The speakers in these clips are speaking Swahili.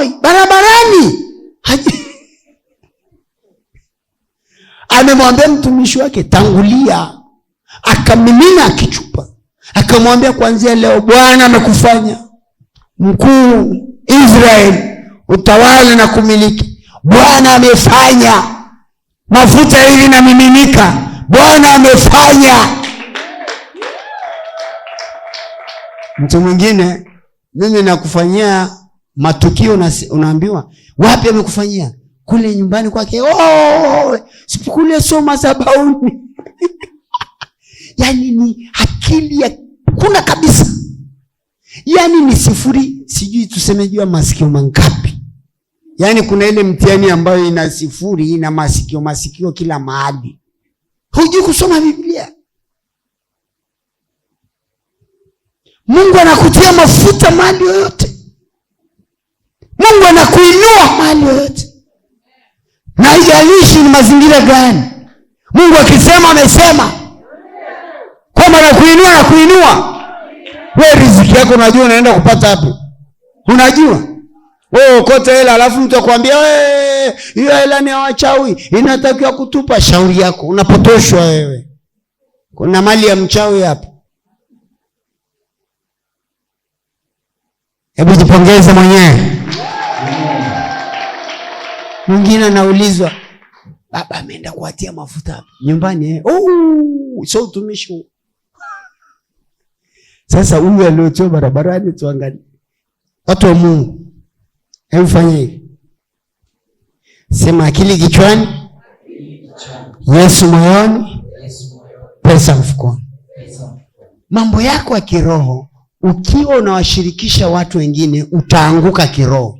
boy barabarani amemwambia mtumishi wake tangulia, akamimina kichupa, akamwambia kuanzia leo Bwana amekufanya mkuu israel utawala na kumiliki. Bwana amefanya mafuta hili namiminika, Bwana amefanya. Mtu mwingine mimi nakufanyia matukio unaambiwa wapi amekufanyia kule nyumbani kwake oh, oh, oh, oh. kule so mazabauni yani ni akili ya kuna kabisa yani ni sifuri sijui jua masikio mangapi yaani kuna ile mtihani ambayo ina sifuri ina masikio masikio kila mahali hujui kusoma biblia mungu anakutia mafuta mali yoyote Mungu anakuinua mahali yoyote, na haijalishi ni mazingira gani. Mungu akisema amesema kwamba anakuinua na kuinua wewe. Riziki yako unajua unaenda kupata hapo, unajua wewe ukote hela, alafu mtu akwambia wewe, hiyo hela ni ya wachawi, inatakiwa kutupa. Shauri yako, unapotoshwa wewe. Kuna mali ya mchawi hapo. Hebu jipongeze mwenyewe. Mwingine anaulizwa baba ameenda kuatia mafuta nyumbani eh? Oh, so utumishi sasa. Huyu aliotiwa barabarani, tuangalie watu wa Mungu, hebu hivi, sema akili kichwani, Yesu moyoni, pesa mfukoni. Mambo yako ya kiroho ukiwa unawashirikisha watu wengine, utaanguka kiroho.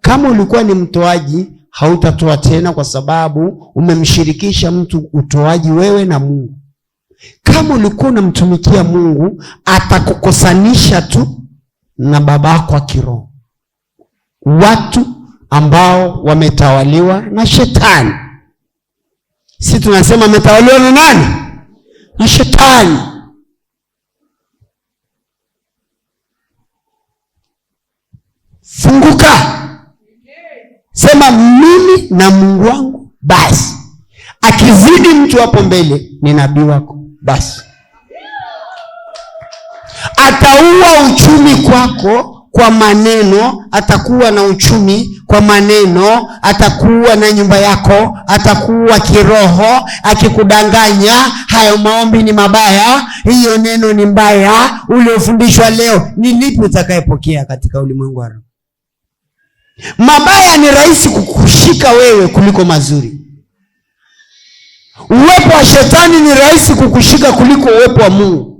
Kama ulikuwa ni mtoaji hautatoa tena, kwa sababu umemshirikisha mtu utoaji wewe na Mungu. Kama ulikuwa unamtumikia Mungu, atakukosanisha tu na babako wa kiroho, watu ambao wametawaliwa na shetani. Si tunasema ametawaliwa na nani? Na shetani. Funguka anasema mimi na Mungu wangu basi. Akizidi mtu hapo mbele ni nabii wako basi. Ataua uchumi kwako kwa maneno, atakuwa na uchumi kwa maneno, atakuwa na nyumba yako, atakuwa kiroho akikudanganya. Hayo maombi ni mabaya, hiyo neno ni mbaya. Uliofundishwa leo ni lipi utakayepokea katika ulimwengu wa roho? Mabaya ni rahisi kukushika wewe kuliko mazuri. Uwepo wa shetani ni rahisi kukushika kuliko uwepo wa Mungu.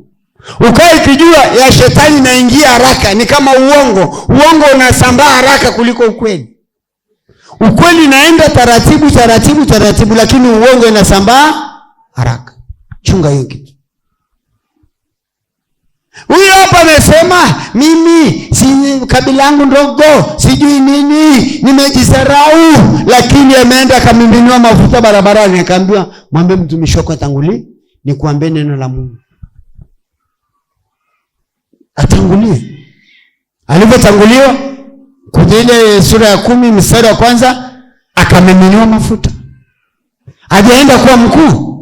Ukae ikijua ya shetani inaingia haraka, ni kama uongo. Uongo unasambaa haraka kuliko ukweli. Ukweli inaenda taratibu taratibu taratibu, lakini uongo inasambaa haraka. Chunga hiki. Huyu hapa amesema mimi si kabila yangu ndogo, sijui nini, nimejisarau. Lakini ameenda akamiminiwa mafuta barabarani, akaambiwa mwambie mtumishi wako atangulie, nikuambie neno la Mungu. Atangulie alivyotanguliwa kwenye ile sura ya kumi mstari wa kwanza, akamiminiwa mafuta, hajaenda kuwa mkuu,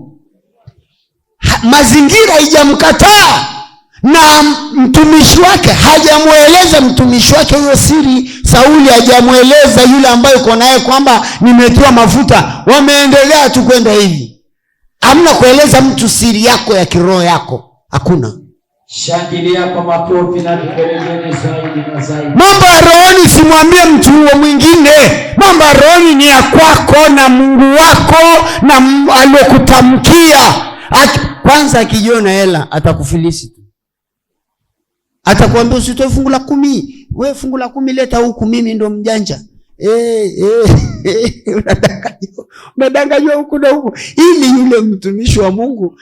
mazingira haijamkataa na mtumishi wake hajamweleza mtumishi wake hiyo siri. Sauli hajamweleza yule ambaye uko naye kwamba nimetiwa mafuta. Wameendelea tu kwenda hivi, hamna kueleza mtu siri yako ya kiroho yako, hakuna. Shangilia kwa makofi na vigelegele zaidi na zaidi. Mambo ya rohoni simwambie mtu huo mwingine. Mambo ya rohoni ni ya kwako na Mungu wako na aliyokutamkia. Kwanza akijiona hela atakufilisi tu Atakwambia usitoe fungu la kumi, we fungu la kumi leta huku, mimi ndo mjanja. Eh, eh, unadanganywa, unadanganywa huku na huku, ili yule mtumishi wa Mungu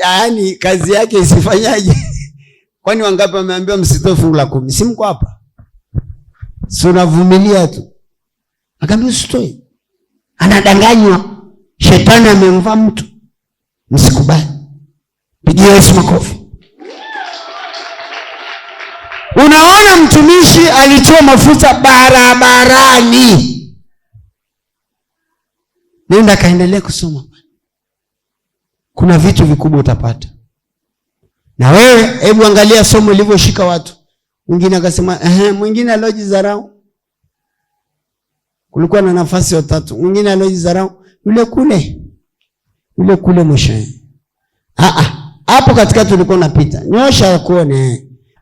yaani kazi yake isifanyaje? Kwani wangapi wameambiwa msitoe fungu la kumi? Si mko hapa? Si unavumilia tu, akaambia usitoe. Anadanganywa, shetani amemvaa mtu. Msikubali, pigia Yesu makofi. Unaona, mtumishi alitoa mafuta barabarani. Nenda kaendelea kusoma, kuna vitu vikubwa utapata. Na wewe hebu angalia somo ilivyoshika watu. Mwingine akasema ehe, mwingine zarau, Kulikuwa na nafasi watatu, mwingine zarau, yule kule, yule kule mwisho. Ah ah, hapo katikati ulikuwa unapita, nyosha kuone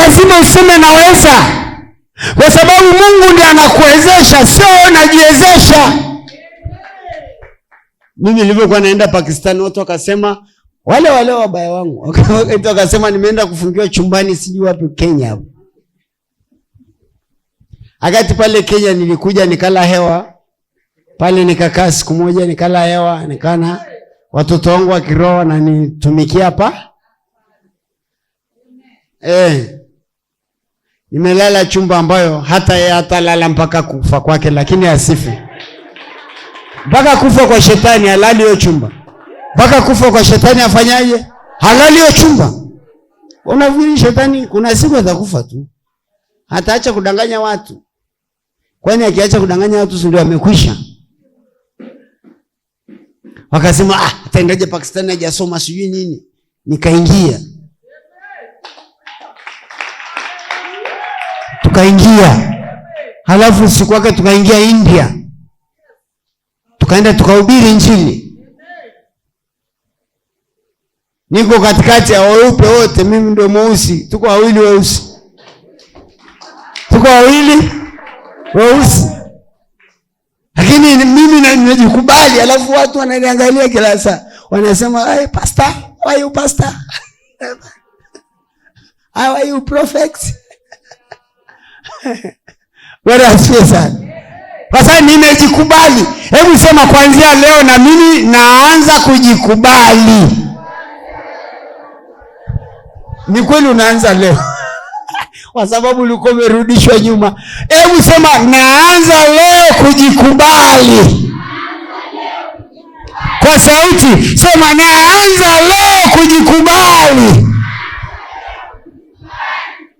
lazima useme naweza, kwa sababu Mungu ndiye anakuwezesha, sio najiwezesha. Mimi nilivyokuwa naenda Pakistani, watu wakasema wale wale wabaya wangu wakasema nimeenda kufungiwa chumbani sijui wapi Kenya hapo. Akati pale Kenya nilikuja nikala hewa pale, nikakaa siku moja nikala hewa, nikana watoto wangu wa kiroho wananitumikia hapa eh. Nimelala chumba ambayo hata yeye atalala mpaka kufa kwake, lakini asife mpaka kufa kwa shetani. alali hiyo chumba mpaka kufa kwa shetani, afanyaje? Halali hiyo chumba. Unafikiri shetani kuna siku atakufa tu, hataacha kudanganya watu? Kwani akiacha kudanganya watu, si ndio amekwisha? Wakasema ah, ataendaje Pakistani, hajasoma sijui nini, nikaingia tukaingia, halafu usiku wake tukaingia India, tukaenda tukahubiri Injili. Niko katikati ya weupe wote, mimi ndio mweusi, tuko wawili weusi, tuko wawili weusi, lakini mimi najikubali alafu watu wananiangalia kila saa, wanasema hey, pastor, why you pastor? How are you prophet? Bwana asifiwe sana. Sasa nimejikubali. Hebu sema kuanzia leo na mimi naanza kujikubali. Ni kweli unaanza leo kwa sababu ulikuwa umerudishwa nyuma. Hebu sema naanza leo kujikubali kwa sauti, sema naanza leo kujikubali.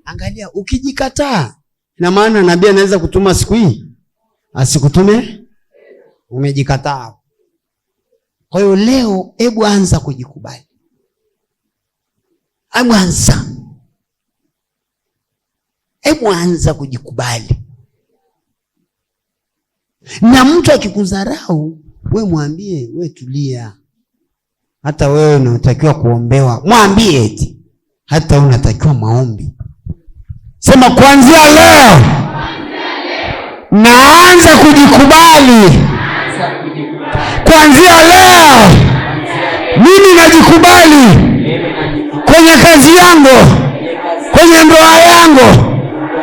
Angalia, ukijikataa Ina maana nabii anaweza kutuma siku hii asikutume, umejikataa. Kwa hiyo leo, hebu anza kujikubali, hebu anza, hebu anza kujikubali. Na mtu akikudharau we mwambie, we tulia, hata wewe unatakiwa kuombewa. Mwambie eti hata unatakiwa maombi Sema kuanzia leo naanza kujikubali. Kuanzia leo mimi najikubali kwenye kazi yangu, kwenye ndoa yangu,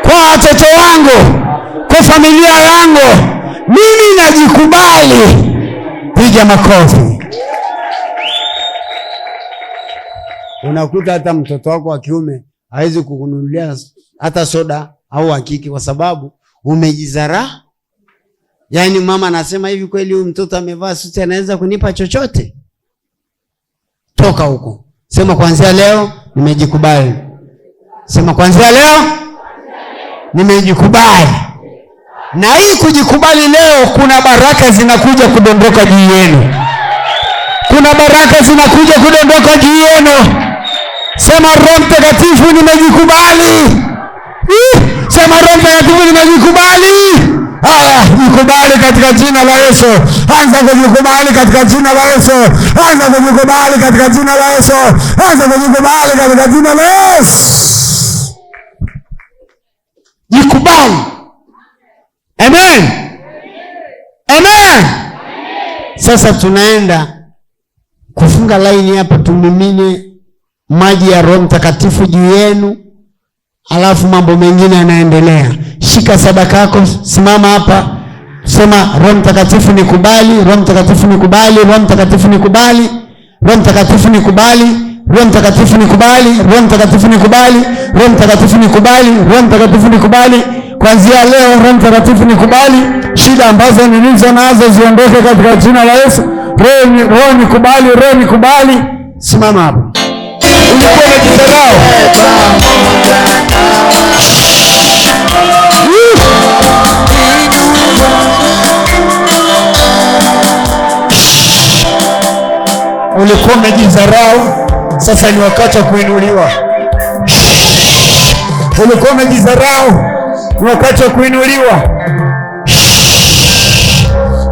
kwa watoto wangu, kwa familia yangu, mimi najikubali. Piga makofi. Unakuta hata mtoto wako wa kiume hawezi kukununulia hata soda au hakiki, kwa sababu umejizara. Yaani mama anasema hivi, kweli huyu mtoto amevaa suti anaweza kunipa chochote? Toka huko, sema kuanzia leo nimejikubali. Sema kuanzia leo nimejikubali. Na hii kujikubali leo, kuna baraka zinakuja kudondoka juu yenu, kuna baraka zinakuja kudondoka juu yenu. Sema Roho Mtakatifu, nimejikubali. Sema Roho Mtakatifu, nimejikubali. Haya, jikubali katika jina la Yesu. Anza kujikubali katika jina la Yesu. Anza kujikubali katika jina la Yesu. Anza kujikubali katika jina la Yesu. Jikubali. Amen. Amen. Sasa tunaenda kufunga laini hapa tumimine maji ya Roho Mtakatifu juu yenu, alafu mambo mengine yanaendelea. Shika sadaka yako, simama hapa, sema Roho Mtakatifu nikubali, Roho Mtakatifu nikubali, Roho Mtakatifu nikubali, Roho Mtakatifu nikubali Roho Mtakatifu nikubali, Roho Mtakatifu nikubali, Roho Mtakatifu nikubali, Roho Mtakatifu nikubali. Kuanzia leo Roho Mtakatifu nikubali, shida ambazo nilizo nazo ziondoke katika jina la Yesu. Roho nikubali, Roho nikubali. Simama hapa ulikuwa unajidharau ulikuwa unajidharau sasa ni wakati wa kuinuliwa ulikuwa unajidharau ni wakati wa kuinuliwa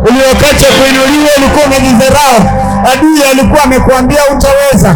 uli wakati wa kuinuliwa ulikuwa unajidharau adui alikuwa amekwambia utaweza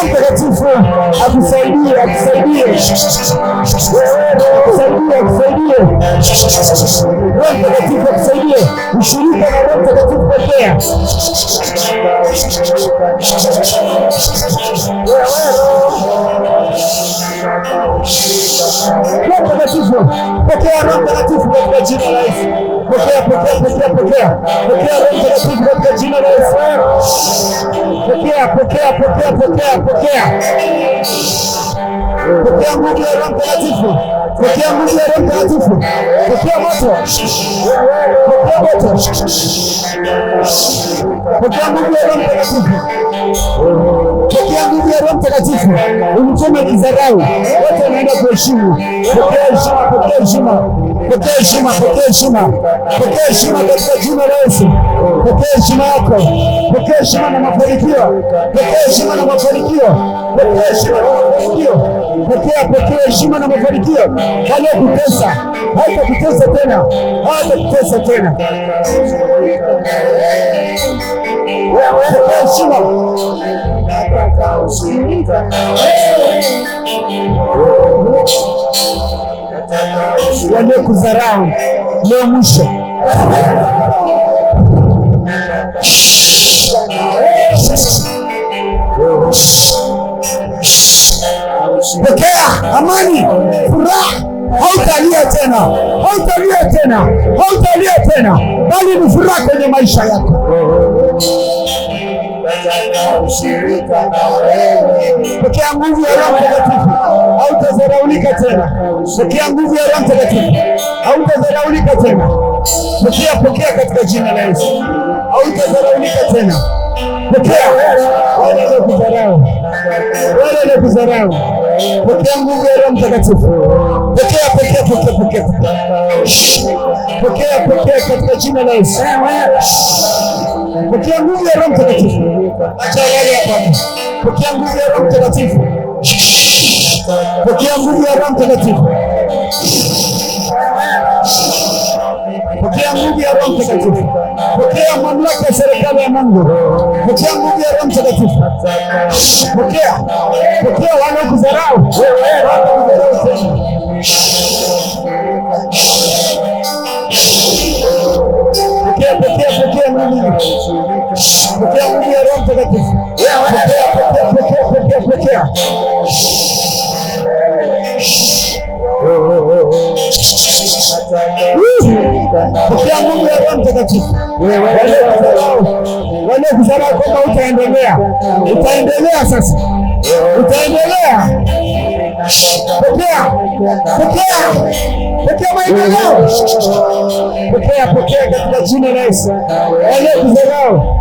Roho Mtakatifu akusaidie, akusaidie akusaidie, akusaidie Roho Mtakatifu akusaidie, ushirika na Roho Mtakatifu pekea Roho Mtakatifu pekea, Roho Mtakatifu katika jina la Yesu. Pokea, pokea, pokea, pokea, pokea Roho Mtakatifu katika jina la Yesu. Pokea, pokea, pokea, pokea, pokea, pokea nguvu ya Roho Mtakatifu, pokea nguvu ya Roho Mtakatifu, pokea moto, pokea moto, pokea nguvu ya Roho Mtakatifu pokea nguvu ya Roho Mtakatifu, umtume kizarau wote wanaenda kuheshimu. Pokea heshima, pokea heshima Pokea heshima, pokea heshima, pokea heshima katika jina la Yesu. Pokea heshima yako, pokea heshima na mafanikio, pokea heshima na mafanikio, pokea heshima na mafanikio, pokea, pokea heshima na mafanikio. Halikutesa, haitakutesa tena, haitakutesa tena. Pokea heshima waliokudharau leo mwisho pokea amani, furaha. Hautalia tena, hautalia tena, hautalia tena, bali ni furaha kwenye maisha yako na ushirika na wewe. Pokea nguvu ya Roho Mtakatifu, hautadharaulika tena. Pokea nguvu ya Roho Mtakatifu, hautadharaulika tena. Pokea, pokea katika jina la Yesu, hautadharaulika tena. Pokea wale wanaokudharau, wale wanaokudharau, pokea nguvu ya Roho Mtakatifu. Pokea, pokea, pokea, pokea, pokea, pokea katika jina la Yesu. Pokea nguvu ya Roho Mtakatifu. Acha yale ya Bwana. Pokea nguvu ya Roho Mtakatifu. Pokea nguvu ya Roho Mtakatifu. Pokea nguvu ya Roho Mtakatifu. Pokea mamlaka ya serikali ya Mungu. Pokea nguvu ya Roho Mtakatifu. Pokea. Pokea wale kudharau. Wewe wanaokudharau tena. Mungu, ukiangulia Roho Mtakatifu, pokea, pokea, pokea. Pokea nguvu ya Roho Mtakatifu. Waliokusalaa kwamba utaendelea, utaendelea sasa, utaendelea Pokea, pokea, pokea maendeleo, pokea, pokea katika jina la Yesu. Waliokuzeao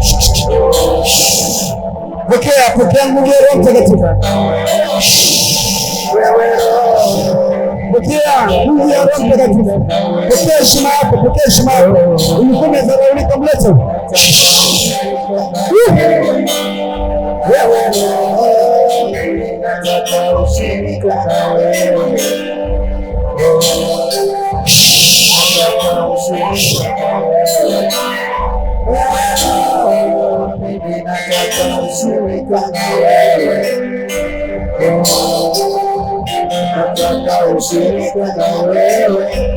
pokea, pokea nguvu ya Roho Mtakatifu, pokea nguvu ya Roho Mtakatifu, pokea heshima yako, pokea heshima yako. Ulikuwa umedharaulika mleto ushirika na wewe, hakuna ushirika na wewe, mimi nataka ushirika na wewe, nataka ushirika na wewe, mimi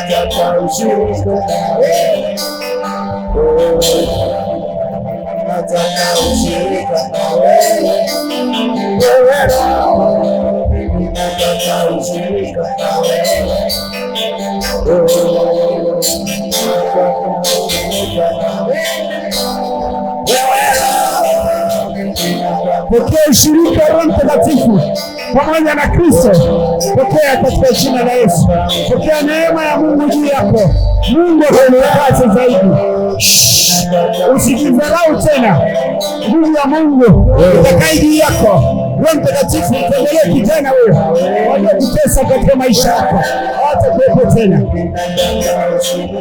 nataka ushirika na wewe torna o jeito amarelo. Eu era menina, torna o jeito amarelo. Pokea ushirika wa Roho Mtakatifu porque na Kristo. Pokea katika jina la Yesu. Pokea neema ya Mungu juu yako. Mungu akubariki zaidi. Usijidharau tena, nguvu ya Mungu itakaa juu yako. Roho Mtakatifu mpendelee kijana huyo, waliokutesa katika maisha yako hawatakuwepo tena.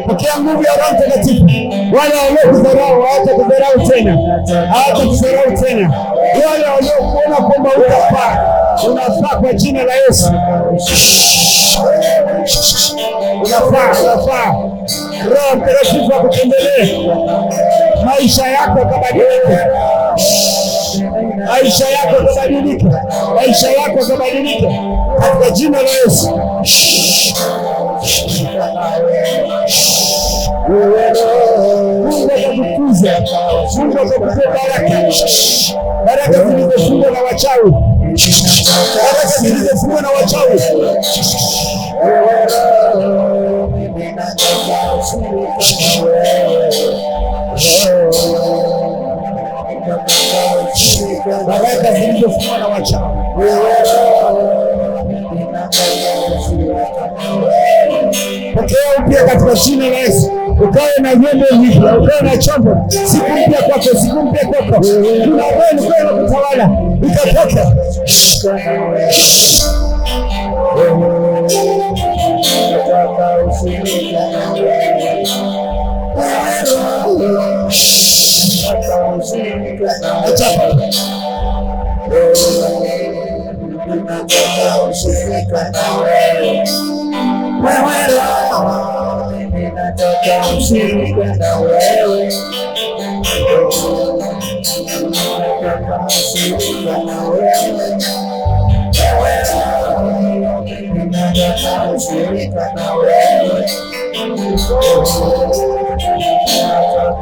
Pokea nguvu ya Roho Mtakatifu, wale waliokudharau hawatakudharau tena, hawatakudharau tena, wale waliokuona kwamba utapaa unafaa kwa jina la Yesu, unafaa, unafaa. Roho Mtakatifu akutembelee maisha yako, kabadilike maisha yako, kabadilike maisha yako, kabadilike katika jina la Yesu. Mungu atakukuza, Mungu atakupea baraka, baraka zilizofungwa na wachawi wakasiliefua na wachawi baraka zilizofungwa na wachawi pokea upya katika jina la Yesu ukawe na nyembo mpya, ukawe na chombo, siku mpya kwako, siku mpya kwako, kuna ambayo ilikuwa ikatoka. Toca música não é eu Toca I'm é eu Toca música não é eu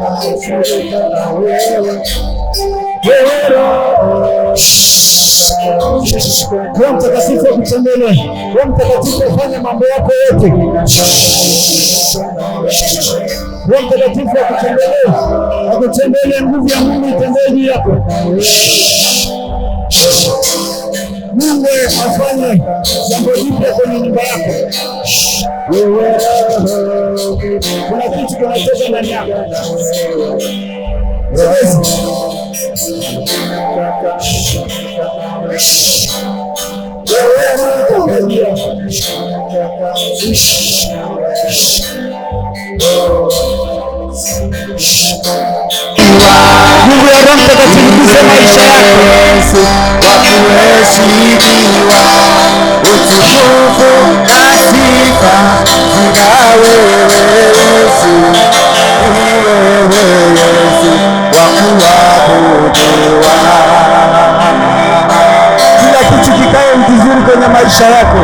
Toca música não the eu Yesu. Roho Mtakatifu akusemele, Roho Mtakatifu afanye mambo yako yote, Roho Mtakatifu akutembelee, akutembelee, nguvu ya Mungu itembee juu yako. Mungu afanye jambo jipya kwenye nyumba yako. Kuna kitu kinatoka ndani yako. Siwezi Mungu ya Roho Mtakatifu guse maisha yako, wakuheshimiwa utukufu na sifa zina wewe Yesu, wewe Yesu, wakuabudiwa kikae vizuri kwenye maisha yako.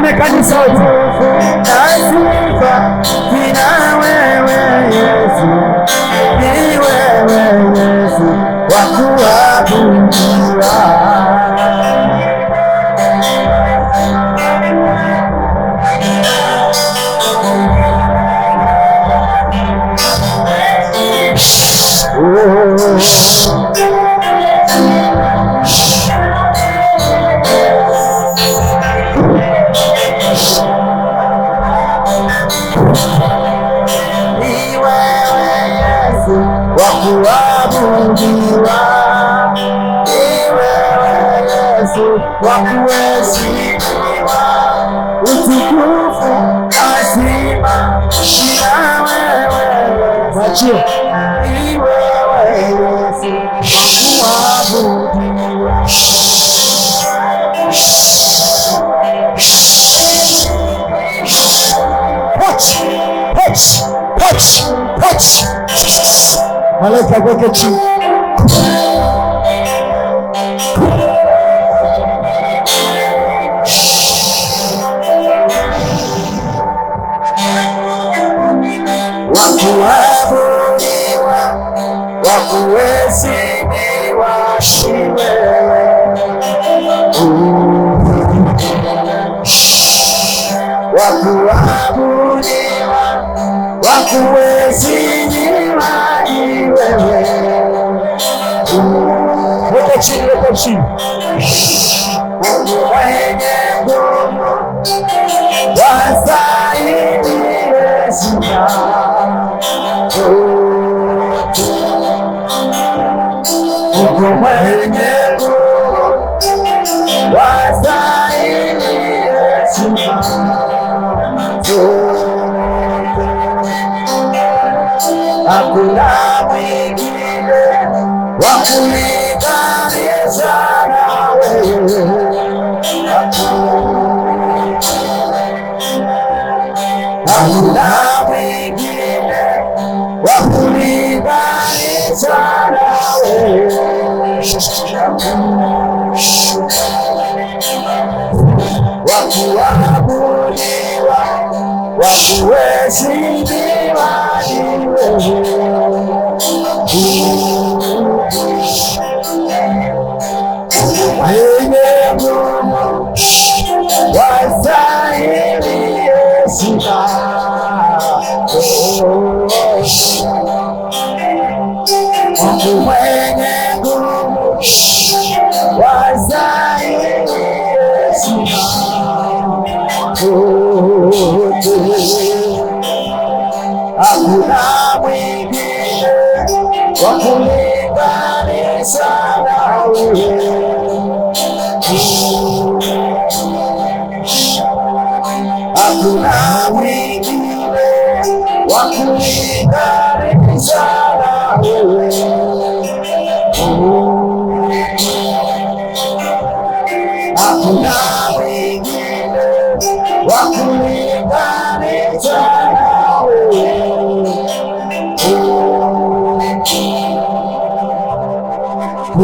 Amekani sauti asifa ina wewe Yesu, ni Yesu wakuabudiwa niachie malaika kweke chini Repetindo, repetindo. Asa ineresinya Oh, oh, oh, oh, oh, oh, oh, oh, oh, oh, oh, Huwezi nguvu wastahili sifa hakuna mwingine wa kulinganisha nawe. Hakuna mwingine wa kulinganisha nawe.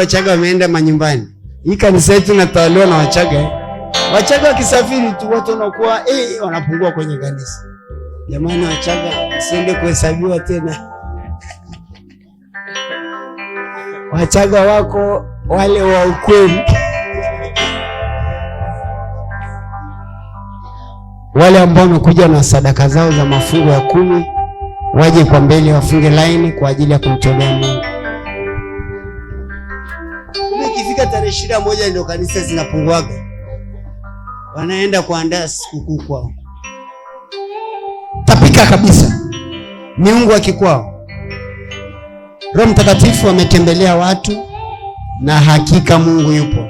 Wachaga wameenda manyumbani. Hii kanisa yetu inatawaliwa na Wachaga. Eh? Wachaga wakisafiri tu watu wanakuwa eh, wanapungua kwenye kanisa. Jamani, Wachaga siende kuhesabiwa tena. Wachaga wako wale wa ukweli, wale ambao wamekuja na sadaka zao za mafungo ya kumi, waje kwa mbele wafunge laini kwa ajili ya kumtolea Mungu. tarehe ishirini na moja ndio kanisa zinapunguaga, wanaenda kuandaa sikukuu kwao, tapika kabisa miungu wa kikwao. Roho Mtakatifu ametembelea watu na hakika Mungu yupo.